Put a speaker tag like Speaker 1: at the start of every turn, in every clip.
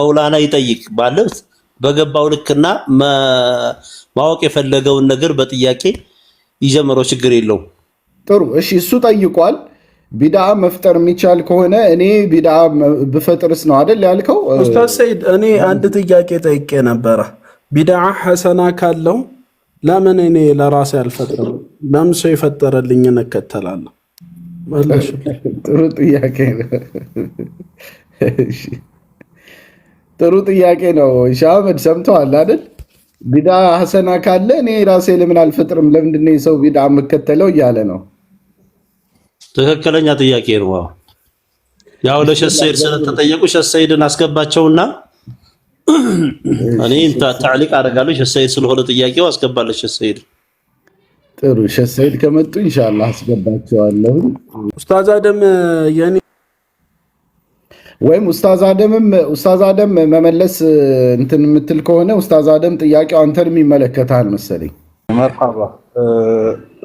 Speaker 1: መውላና ይጠይቅ ባለው በገባው ልክና ማወቅ የፈለገውን ነገር በጥያቄ ይጀምረው፣ ችግር የለው።
Speaker 2: ጥሩ እሺ፣ እሱ ጠይቋል። ቢድዓ መፍጠር የሚቻል ከሆነ እኔ ቢድዓ ብፈጥርስ ነው አደል ያልከው?
Speaker 3: ኡስታዝ ሰይድ፣ እኔ አንድ ጥያቄ ጠይቄ ነበረ። ቢድዓ ሐሰና ካለው ለምን እኔ ለራሴ አልፈጠሩ? ለምን ሰው የፈጠረልኝ እከተላለሁ?
Speaker 2: ጥሩ ጥያቄ ነው። ጥሩ ጥያቄ ነው። ሻመድ ሰምተዋል አይደል? ቢዳ ሀሰና ካለ እኔ ራሴ ለምን አልፈጥርም? ለምንድን ነው የሰው ቢዳ የምከተለው እያለ ነው።
Speaker 1: ትክክለኛ ጥያቄ ነው። ያው ለሸሰይድ ስለተጠየቁ ሸሰይድን አስገባቸውና እኔ ታዕሊቅ አደርጋለሁ። ሸሰይድ ስለሆነ ጥያቄው አስገባለሁ። ሸሰይድ
Speaker 2: ጥሩ። ሸሰይድ ከመጡ እንሻላ አስገባቸዋለሁ። ኡስታዝ አደም የኔ ወይም ኡስታዝ አደምም ኡስታዝ አደም መመለስ እንትን የምትል ከሆነ ኡስታዝ አደም ጥያቄው አንተንም ይመለከታል መሰለኝ።
Speaker 4: መርሐባ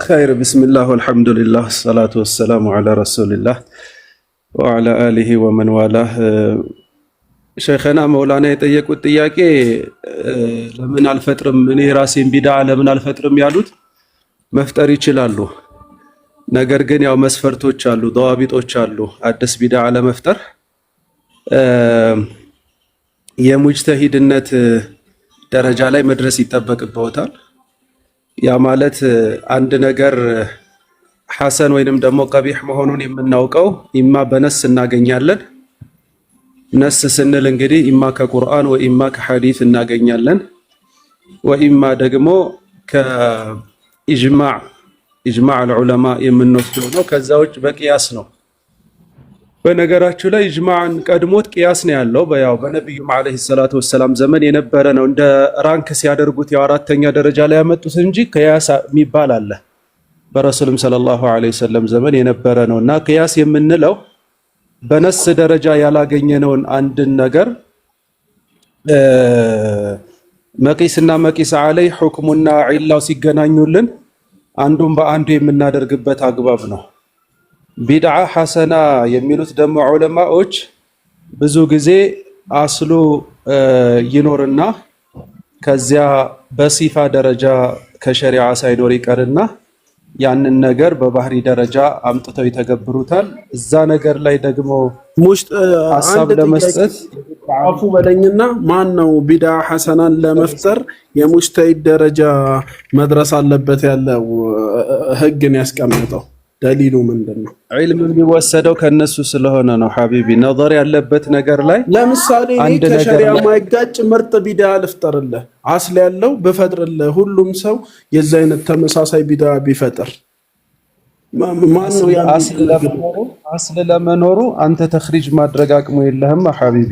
Speaker 4: ኸይር። ብስሚላህ ወልሐምዱሊላህ ሰላቱ ወሰላሙ ዓላ ረሱሊላህ ወዓላ አሊሂ ወመን ዋላህ። ሸይኸና መውላና የጠየቁት ጥያቄ ለምን አልፈጥርም እኔ ራሴን ቢዳ ለምን አልፈጥርም ያሉት መፍጠር ይችላሉ። ነገር ግን ያው መስፈርቶች አሉ፣ ደዋቢጦች አሉ አዲስ ቢዳ ለመፍጠር የሙጅተሂድነት ደረጃ ላይ መድረስ ይጠበቅበታል። ያ ማለት አንድ ነገር ሐሰን ወይንም ደግሞ ቀቢሕ መሆኑን የምናውቀው ኢማ በነስ እናገኛለን። ነስ ስንል እንግዲህ ኢማ ከቁርአን ወኢማ ከሐዲስ እናገኛለን። ወኢማ ደግሞ ከኢጅማዕ ኢጅማዕ አልዑለማ የምንወስደው ነው። ከዛ ውጭ በቅያስ ነው በነገራችሁ ላይ ኢጅማዕን ቀድሞት ቅያስ ነው ያለው። በያው በነቢዩም ዓለይሂ ሰላቱ ወሰላም ዘመን የነበረ ነው። እንደ ራንክ ሲያደርጉት ያው አራተኛ ደረጃ ላይ ያመጡት እንጂ ቅያስ የሚባል አለ። በረሱልም ሰለላሁ ዓለይሂ ወሰለም ዘመን የነበረ ነው እና ቅያስ የምንለው በነስ ደረጃ ያላገኘነውን አንድን ነገር መቂስና መቂስ አለይ ሁክሙና ዒላው ሲገናኙልን አንዱን በአንዱ የምናደርግበት አግባብ ነው። ቢድዓ ሐሰና የሚሉት ደግሞ ዑለማዎች ብዙ ጊዜ አስሉ ይኖርና ከዚያ በሲፋ ደረጃ ከሸሪዓ ሳይኖር ይቀርና ያንን ነገር በባህሪ ደረጃ አምጥተው ይተገብሩታል። እዛ ነገር ላይ ደግሞ ሀሳብ ለመስጠት አፉ በለኝና ማን ነው ቢድዓ ሐሰናን ለመፍጠር የሙጅተሂድ ደረጃ መድረስ አለበት ያለው ህግን ያስቀምጠው? ደሊሉ ምንድን ነው? ዒልም የሚወሰደው ከነሱ ስለሆነ ነው። ሐቢቢ ነዘር ያለበት ነገር ላይ ለምሳሌ ከሸሪያ ማይጋጭ ምርጥ ቢዳ ልፍጠርልህ፣ አስል ያለው ብፈጥርልህ፣ ሁሉም ሰው የዚ አይነት ተመሳሳይ ቢድዓ ቢፈጥር
Speaker 2: አስል ለመኖሩ አንተ ተኽሪጅ ማድረግ አቅሙ የለህማ ሐቢቢ።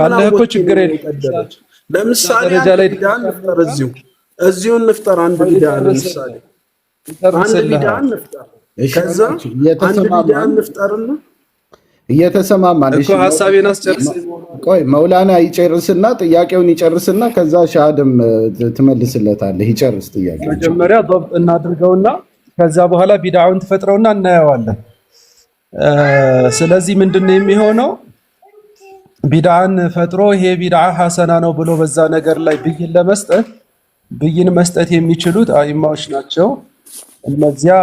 Speaker 2: ካለህ እኮ ችግር
Speaker 4: ለምሳሌ እዚሁ እንፍጠር፣ አንድ ቢድዓ ለምሳሌ አንድ ቢድዓ እንፍጠር ከዛ
Speaker 2: እየተሰማማን እኮ ሀሳቤን አስጨርስ። ቆይ መውላና ይጨርስና ጥያቄውን ይጨርስና ከዛ ሻድም ትመልስለታለህ። ይጨርስ ጥያቄ
Speaker 4: መጀመሪያ ዶብ እናድርገውና ከዛ በኋላ ቢድዓውን ትፈጥረውና እናየዋለን። ስለዚህ ምንድን የሚሆነው? ቢድዓን ፈጥሮ ይሄ ቢድዓ ሐሰና ነው ብሎ በዛ ነገር ላይ ብይን ለመስጠት ብይን መስጠት የሚችሉት አኢማዎች ናቸው እነዚያ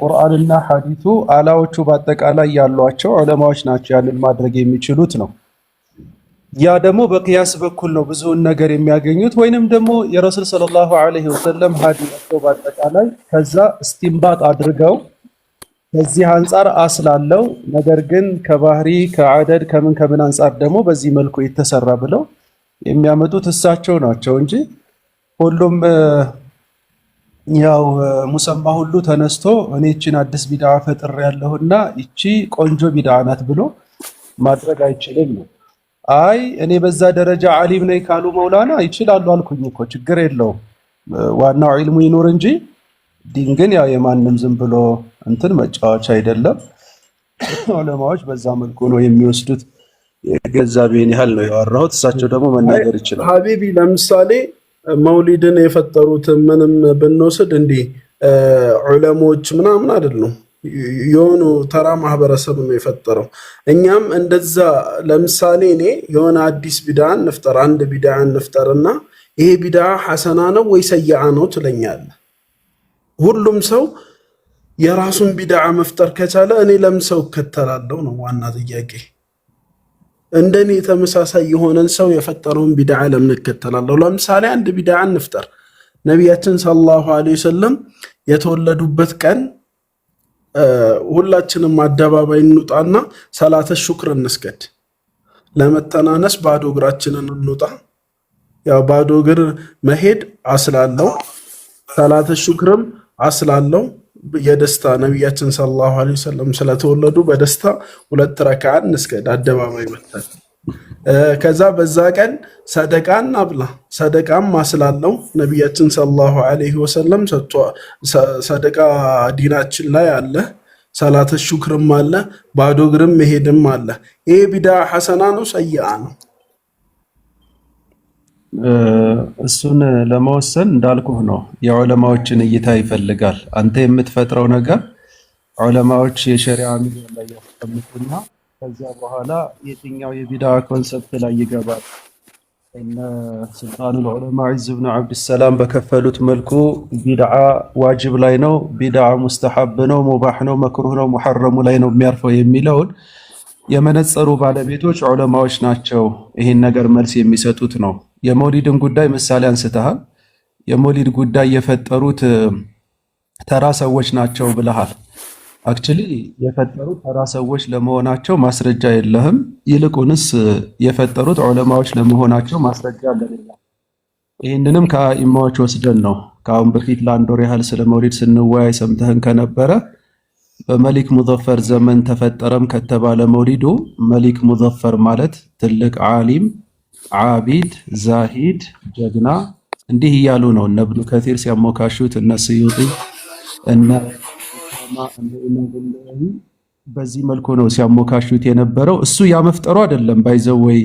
Speaker 4: ቁርአንና ሐዲቱ አላዎቹ በአጠቃላይ ያሏቸው ዑለማዎች ናቸው ያንን ማድረግ የሚችሉት ነው። ያ ደግሞ በቅያስ በኩል ነው ብዙውን ነገር የሚያገኙት ወይንም ደግሞ የረሱል ሰለላሁ ዐለይሂ ወሰለም ሀዲ በአጠቃላይ ከዛ እስቲንባጥ አድርገው ከዚህ አንጻር አስላለው ነገር ግን ከባህሪ ከአደድ ከምን ከምን አንጻር ደግሞ በዚህ መልኩ የተሰራ ብለው የሚያመጡት እሳቸው ናቸው እንጂ ሁሉም ያው ሙሰማ ሁሉ ተነስቶ እኔ ይቺን አዲስ ቢድዓ ፈጥር ያለሁና ይቺ ቆንጆ ቢድዓ ናት ብሎ ማድረግ አይችልም ነው። አይ እኔ በዛ ደረጃ አሊም ነኝ ካሉ መውላና ይችላሉ አልኩኝ እኮ ችግር የለውም ዋናው ዒልሙ ይኑር እንጂ ዲን ግን ያው የማንም ዝም ብሎ እንትን መጫወቻ አይደለም። ዑለማዎች በዛ መልኩ ነው የሚወስዱት። የገዛቤን ያህል ነው ያወራሁት። እሳቸው ደግሞ መናገር ይችላል። ሀቢቢ ለምሳሌ መውሊድን የፈጠሩት ምንም ብንወስድ እንዲህ ዑለሞች ምናምን አይደሉም። የሆኑ ተራ ማህበረሰብ ነው የፈጠረው። እኛም እንደዛ ለምሳሌ እኔ የሆነ አዲስ ቢድዓ እንፍጠር፣ አንድ ቢድዓ እንፍጠር እና ይሄ ቢድዓ ሐሰና ነው ወይ ሰይዓ ነው ትለኛለ። ሁሉም ሰው የራሱን ቢድዓ መፍጠር ከቻለ እኔ ለምን ሰው እከተላለሁ ነው ዋና ጥያቄ። እንደኔ ተመሳሳይ የሆነን ሰው የፈጠረውን ቢድዓ ለምን እከተላለሁ? ለምሳሌ አንድ ቢድዓ እንፍጠር። ነቢያችን ሰለላሁ ዐለይሂ ወሰለም የተወለዱበት ቀን ሁላችንም አደባባይ እንውጣና ሰላተ ሹክር እንስገድ። ለመተናነስ ባዶ እግራችንን እንውጣ። ያው ባዶ እግር መሄድ አስላለው፣ ሰላተ ሹክርም አስላለው። የደስታ ነቢያችን ሰለላሁ ዐለይሂ ወሰለም ስለተወለዱ በደስታ ሁለት ረካዓ እንስገድ፣ አደባባይ መተን። ከዛ በዛ ቀን ሰደቃን አብላ፣ ሰደቃም ስላለው ነቢያችን ሰለላሁ ዐለይሂ ወሰለም ሰደቃ ዲናችን ላይ አለ። ሰላተ ሹክርም አለ። ባዶ እግርም መሄድም አለ። ይሄ ቢዳ ሐሰና ነው፣ ሰይአ ነው። እሱን ለመወሰን እንዳልኩህ ነው፣ የዑለማዎችን እይታ ይፈልጋል። አንተ የምትፈጥረው ነገር ዑለማዎች የሸሪዓ ሚዲያ ላይ ያስቀምጡና ከዚያ በኋላ የትኛው የቢድዓ ኮንሰፕት ላይ ይገባል? እነ ሱልጣኑል ዑለማ ዒዝ ብኑ ዓብድሰላም በከፈሉት መልኩ ቢድዓ ዋጅብ ላይ ነው፣ ቢድዓ ሙስተሓብ ነው፣ ሙባሕ ነው፣ መክሩህ ነው፣ ሙሐረሙ ላይ ነው የሚያርፈው የሚለውን የመነጸሩ ባለቤቶች ዑለማዎች ናቸው፣ ይህን ነገር መልስ የሚሰጡት ነው። የመውሊድን ጉዳይ ምሳሌ አንስተሃል። የመውሊድ ጉዳይ የፈጠሩት ተራ ሰዎች ናቸው ብለሃል። አክቹሊ የፈጠሩት ተራ ሰዎች ለመሆናቸው ማስረጃ የለህም። ይልቁንስ የፈጠሩት ዑለማዎች ለመሆናቸው ማስረጃ አለሌላ። ይህንንም ከኢማዎች ወስደን ነው። ከአሁን በፊት ለአንድ ወር ያህል ስለ መውሊድ ስንወያይ ሰምተህን ከነበረ በመሊክ ሙዘፈር ዘመን ተፈጠረም ከተባለ መውሊዱ መሊክ ሙዘፈር ማለት ትልቅ ዓሊም፣ ዓቢድ፣ ዛሂድ፣ ጀግና እንዲህ እያሉ ነው እነ ብኑ ከቲር ሲያሞካሹት እነ ስዩጢ እነ በዚህ መልኩ ነው ሲያሞካሹት የነበረው። እሱ ያመፍጠሩ አይደለም ባይዘወይ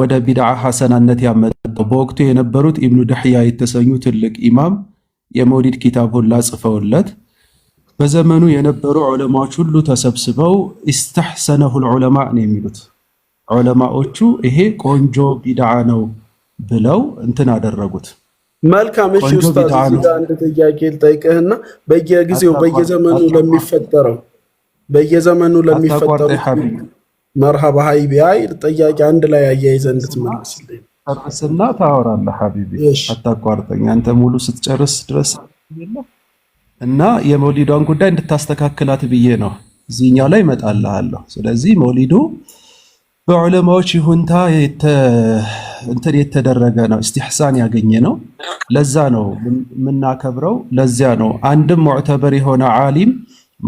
Speaker 4: ወደ ቢድዓ ሐሰናነት ያመጣው። በወቅቱ የነበሩት ኢብኑ ድሕያ የተሰኙ ትልቅ ኢማም የመውሊድ ኪታብ ሁላ ጽፈውለት በዘመኑ የነበሩ ዑለማዎች ሁሉ ተሰብስበው ኢስተሕሰነሁል ዑለማ ነው የሚሉት። ዑለማዎቹ ይሄ ቆንጆ ቢድዓ ነው ብለው እንትን አደረጉት። መልካም። እሺ ኡስታዝ፣ አንድ ጥያቄ ልጠይቅህና በየጊዜው በየዘመኑ ለሚፈጠረው በየዘመኑ ለሚፈጠሩ መርሃባ ሀይቢ አይ ጥያቄ አንድ ላይ አያይዘህ እንድትመልስልኝ
Speaker 2: ጨርስና ታወራለህ። ሀቢቢ አታቋርጠኝ። አንተ ሙሉ ስትጨርስ ድረስ እና የመውሊዷን ጉዳይ እንድታስተካክላት ብዬ ነው። እዚህኛው ላይ እመጣልሃለሁ። ስለዚህ መውሊዱ በዑለማዎች ይሁንታ እንትን የተደረገ ነው፣ እስቲሕሳን ያገኘ ነው። ለዛ ነው የምናከብረው። ለዚያ ነው አንድም ሙዕተበር የሆነ ዓሊም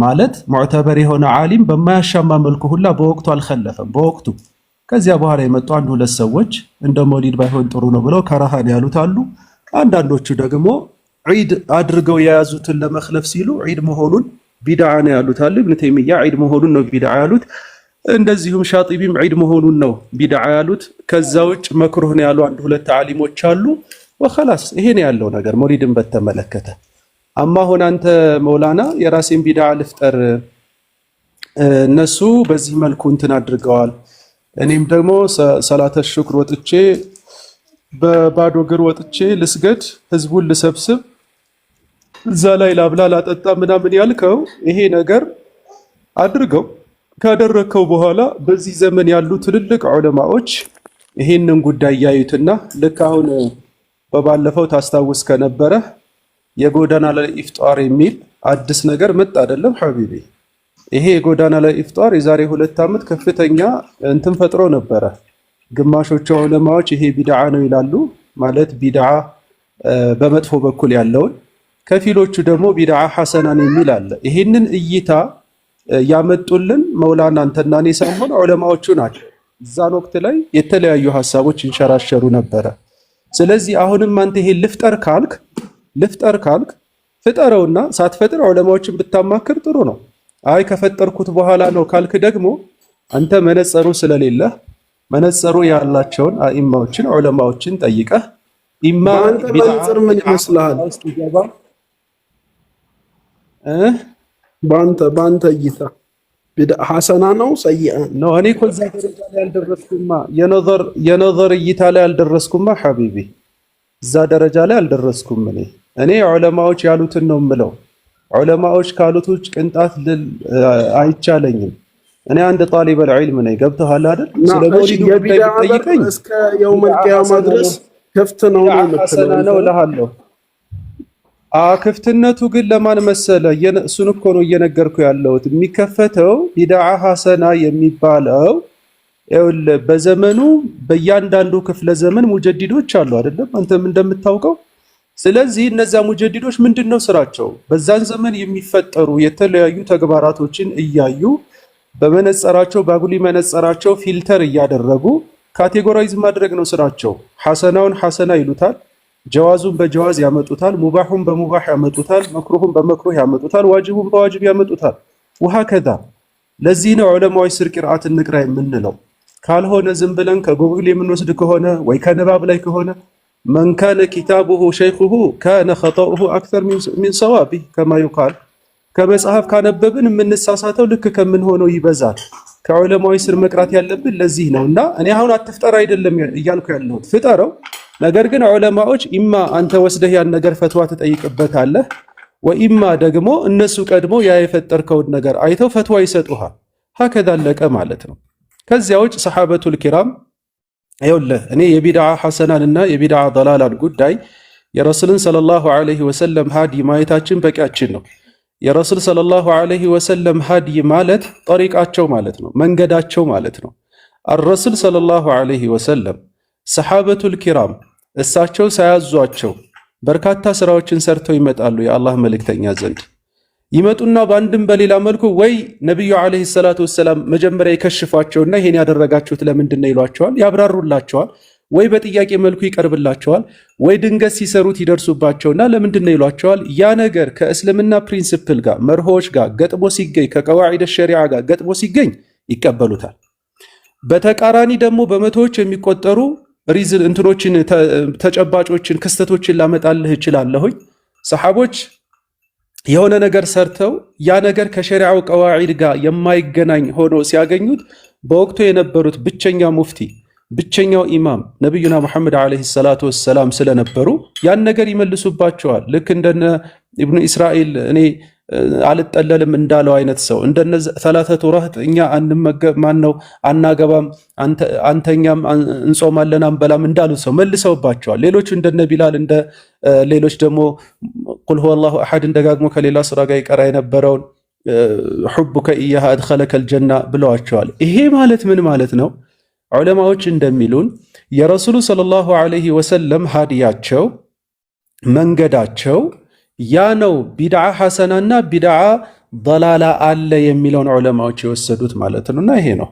Speaker 2: ማለት ሙዕተበር የሆነ ዓሊም በማያሻማ መልኩ ሁላ በወቅቱ አልከለፈም። በወቅቱ ከዚያ በኋላ የመጡ አንድ ሁለት ሰዎች እንደ መውሊድ ባይሆን ጥሩ ነው ብለው ከረሃን ያሉት አሉ። አንዳንዶቹ ደግሞ ዒድ አድርገው የያዙትን ለመክለፍ ሲሉ ዒድ መሆኑን ቢድዓ ነው ያሉት አሉ። ኢብኑ ተይሚያ ዒድ መሆኑን ነው ቢድዓ ያሉት። እንደዚሁም ሻጢቢም ዒድ መሆኑን ነው ቢድዓ ያሉት። ከዛ ውጭ መክሩህ ነው ያሉ አንድ ሁለት ዓሊሞች አሉ። ወኸላስ ይሄ ነው ያለው ነገር መውሊድን በተመለከተ። አማ ሆነ አንተ መውላና የራሴን ቢድዓ ልፍጠር፣ እነሱ በዚህ መልኩ እንትን አድርገዋል፣ እኔም ደግሞ ሰላተ ሽኩር ወጥቼ በባዶ እግር ወጥቼ ልስገድ፣ ህዝቡን ልሰብስብ እዛ ላይ ላብላ ላጠጣ ምናምን ያልከው ይሄ ነገር አድርገው ካደረከው በኋላ በዚህ ዘመን ያሉ ትልልቅ ዑለማዎች ይሄንን ጉዳይ ያዩትና ልክ አሁን በባለፈው ታስታውስ ከነበረ የጎዳና ላይ ኢፍጧር የሚል አዲስ ነገር መጣ አይደለም ሐቢቢ? ይሄ የጎዳና ላይ ኢፍጧር የዛሬ ሁለት ዓመት ከፍተኛ እንትን ፈጥሮ ነበረ። ግማሾቹ ዑለማዎች ይሄ ቢድዓ ነው ይላሉ። ማለት ቢድዓ በመጥፎ በኩል ያለውን ከፊሎቹ ደግሞ ቢድዓ ሐሰናን የሚል አለ። ይሄንን እይታ ያመጡልን መውላና አንተና እኔ ሳይሆን ዑለማዎቹ ናቸው። እዛን ወቅት ላይ የተለያዩ ሀሳቦች ይንሸራሸሩ ነበረ። ስለዚህ አሁንም አንተ ይሄ ልፍጠር ካልክ ልፍጠር ካልክ ፍጠረውና ሳትፈጥር ዑለማዎችን ብታማክር ጥሩ ነው። አይ ከፈጠርኩት በኋላ ነው ካልክ ደግሞ አንተ መነጸሩ ስለሌለህ መነጸሩ ያላቸውን አኢማዎችን ዑለማዎችን ጠይቀህ ኢማ
Speaker 4: ቢድዓ ምን ይመስልሃል? በአንተ በአንተ እይታ ሐሰና ነው ሰይአ
Speaker 2: ነው? እኔ እኮ እዛ ደረጃ ላይ አልደረስኩማ። የነዘር የነዘር እይታ ላይ አልደረስኩማ ሐቢቢ፣ እዛ ደረጃ ላይ አልደረስኩም። እኔ እኔ ዑለማዎች ያሉትን ነው የምለው። ዑለማዎች ካሉት ውጭ ቅንጣት ልል አይቻለኝም። እኔ አንድ ጣሊበል ዒልም ነኝ። ገብቶሃል አይደል?
Speaker 4: ስለሞሊዱ ጉዳይ ብጠይቀኝ እስከ የውመል ቂያማ ድረስ ክፍት ነው
Speaker 2: ነው እልሃለሁ ክፍትነቱ ግን ለማን መሰለ? እሱን እኮ ነው እየነገርኩ ያለሁት። የሚከፈተው ቢድዓ ሐሰና የሚባለው በዘመኑ በእያንዳንዱ ክፍለ ዘመን ሙጀዲዶች አሉ አይደለም? አንተም እንደምታውቀው። ስለዚህ እነዚያ ሙጀዲዶች ምንድን ነው ስራቸው? በዛን ዘመን የሚፈጠሩ የተለያዩ ተግባራቶችን እያዩ በመነጸራቸው በአጉሊ መነጸራቸው ፊልተር እያደረጉ ካቴጎራይዝ ማድረግ ነው ስራቸው። ሐሰናውን ሐሰና ይሉታል ጀዋዙን በጀዋዝ ያመጡታል፣ ሙባሑን በሙባህ ያመጡታል፣ መክሩሁን በመክሩህ ያመጡታል፣ ዋጅቡን በዋጅብ ያመጡታል። ውሃ ከዛ ለዚህ ነው ዑለማዎች ስር ቂርአት እንቅራ የምንለው። ካልሆነ ዝም ብለን ከጉግል የምንወስድ ከሆነ ወይ ከንባብ ላይ ከሆነ መን ካነ ኪታቡሁ ሸይኹሁ ካነ ኸጠኡሁ አክተር ሚን ሰዋቢህ ከማ ዩቃል። ከመጽሐፍ ካነበብን የምንሳሳተው ልክ ከምንሆነው ይበዛል። ከዑለማዎች ስር መቅራት ያለብን ለዚህ ነው እና እኔ አሁን አትፍጠር አይደለም እያልኩ ያለሁት ፍጠረው ነገር ግን ዑለማዎች ኢማ አንተ ወስደህ ያን ነገር ፈትዋ ትጠይቅበታለህ፣ ወኢማ ደግሞ እነሱ ቀድሞ ያ የፈጠርከውን ነገር አይተው ፈትዋ ይሰጡሃል። ሀከዛ አለቀ ማለት ነው። ከዚያ ውጭ ሰሓበቱል ኪራም ይኸውልህ እኔ የቢድዓ ሐሰናንና የቢድዓ ደላላን ጉዳይ የረሱልን ሰለላሁ ዐለይሂ ወሰለም ሀዲ ማየታችን በቂያችን ነው። የረሱል ሰለላሁ ዐለይሂ ወሰለም ሀዲ ማለት ጠሪቃቸው ማለት ነው፣ መንገዳቸው ማለት ነው። አልረሱል ሰለላሁ ዐለይሂ ወሰለም ሰሓበቱል ኪራም እሳቸው ሳያዟቸው በርካታ ስራዎችን ሰርተው ይመጣሉ የአላህ መልእክተኛ ዘንድ ይመጡና በአንድም በሌላ መልኩ ወይ ነቢዩ ዓለይሂ ሰላቱ ወሰላም መጀመሪያ ይከሽፏቸውና ይሄን ያደረጋችሁት ለምንድን ነው ይሏቸዋል፣ ያብራሩላቸዋል። ወይ በጥያቄ መልኩ ይቀርብላቸዋል፣ ወይ ድንገት ሲሰሩት ይደርሱባቸውና ለምንድን ነው ይሏቸዋል። ያ ነገር ከእስልምና ፕሪንስፕል ጋር መርሆዎች ጋር ገጥሞ ሲገኝ፣ ከቀዋዒደ ሸሪዓ ጋር ገጥሞ ሲገኝ ይቀበሉታል። በተቃራኒ ደግሞ በመቶዎች የሚቆጠሩ ሪዝን እንትኖችን ተጨባጮችን ክስተቶችን ላመጣልህ እችላለሁኝ። ሰሓቦች የሆነ ነገር ሰርተው ያ ነገር ከሸሪዓው ቀዋዒድ ጋር የማይገናኝ ሆኖ ሲያገኙት በወቅቱ የነበሩት ብቸኛ ሙፍቲ ብቸኛው ኢማም ነቢዩና ሙሐመድ ዓለይሂ ሰላቱ ወሰላም ስለነበሩ ያን ነገር ይመልሱባቸዋል። ልክ እንደነ ኢብኑ እስራኤል እኔ አልጠለልም እንዳለው አይነት ሰው እንደነዚ ሰላተቱ ረህጥ እኛ አንመገብ ማን ነው አናገባም፣ አንተኛም፣ እንጾማለን፣ አንበላም እንዳሉት ሰው መልሰውባቸዋል። ሌሎቹ እንደነ ቢላል እንደ ሌሎች ደግሞ ቁል ሁወላሁ አላሁ እንደጋግሞ ከሌላ ስራ ጋር ይቀራ የነበረውን ሑቡከ ኢያሃ አድኸለከል ጀና ብለዋቸዋል። ይሄ ማለት ምን ማለት ነው? ዑለማዎች እንደሚሉን የረሱሉ ሰለላሁ ዐለይሂ ወሰለም ሀዲያቸው መንገዳቸው ያ ነው ቢድዓ ሐሰናና ቢድዓ ደላላ አለ የሚለውን ዑለማዎች የወሰዱት ማለት ነውና ይሄ ነው።